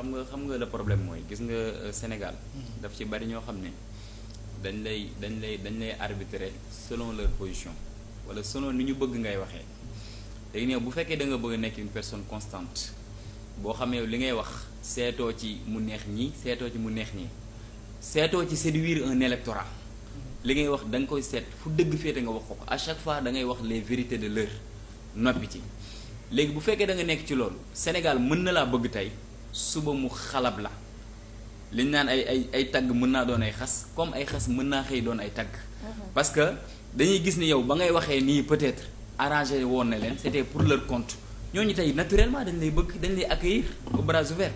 xam nga xam nga le problème mooy gis nga euh, Sénégal. Mm-hmm. daf ci bari ñoo xam ne dañ lay dañ lay dañ lay arbitrer selon leur position wala selon ni ñu bëgg ngay waxee léegi nag bu fekkee da nga bëgg nekk une personne constante boo xamee li ngay wax seetoo ci mu neex ñi seetoo ci mu neex ñi seetoo ci séduire un électorat mm-hmm. li ngay wax da koy seet fu dëgg féete nga wax ko à chaque fois da ngay wax les vérités de l'heure noppi ci léegi bu fekkee da nekk ci loolu Sénégal suba mu xalab la li naan ay ay ay tagg mën naa doon ay xas comme ay xas mën naa xëy doon ay tagg mhm. parce que dañuy gis ni yow ba ngay waxee nii peut-être arranger woon na leen c'était pour leur compte ñooñu tey naturellement dañ lay bëgg dañ lay accueillir au bras ouvert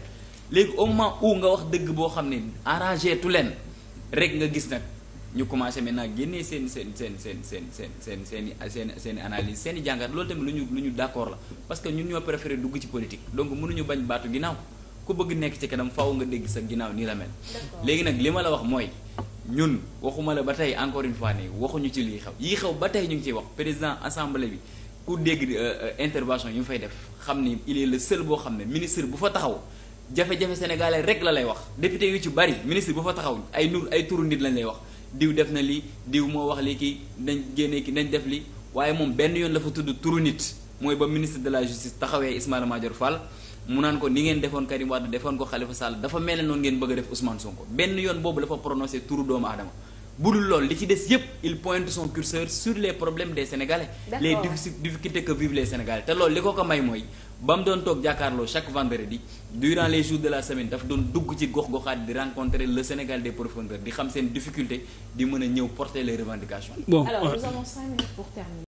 léegi au moment où nga wax dëgg boo xam ne arrangé tu leen rek nga gis nag ñu commencé maintenant génnee seen seen seen seen seen seen seen seen i seen seen i seen i jàngat loolu tamit ñu lu ñu d'accord la parce que ñun ñoo préféré dugg ci politique donc munuñu bañ baatu ginnaaw ku bëgg nekk ci kanam faaw nga dégg sa ginnaaw nii la mel. léegi nag li ma la wax mooy ñun waxuma la ba tey encore une fois ne waxuñu ci lii xew yii xew ba tey ñu ngi ciy wax président assemblée bi ku dégg euh, euh, intervention yu mu fay def xam ni il est le seul boo xam ne ministre bu fa taxaw. jafe-jafe sénégalais rek la lay wax député yu ci bari ministre bu fa taxaw ay nur ay turu nit lañ lay wax diw def na lii diw moo wax lii kii nañ génnee ki nañ def lii waaye moom benn yoon la tudd turu mooy ba ministre de la justice taxawee Ismaïla Madior Fall mu naan ko ni ngeen defoon Karim Wade defoon dafa mel noonu ngeen bëgg a def Ousmane Sonko benn yoon boobu la fa prononcé turu doomu aadama bu dul loolu li ci des yépp il pointe son curseur sur les problèmes des Sénégalais. les difficultés que vivent les Sénégalais te loolu li ko ko may mooy ba mu doon toog jàkkaarloo chaque vendredi durant les jours de la semaine daf doon dugg ci gox-goxaat di rencontrer le Sénégal des profondeurs di xam seen difficulté di mën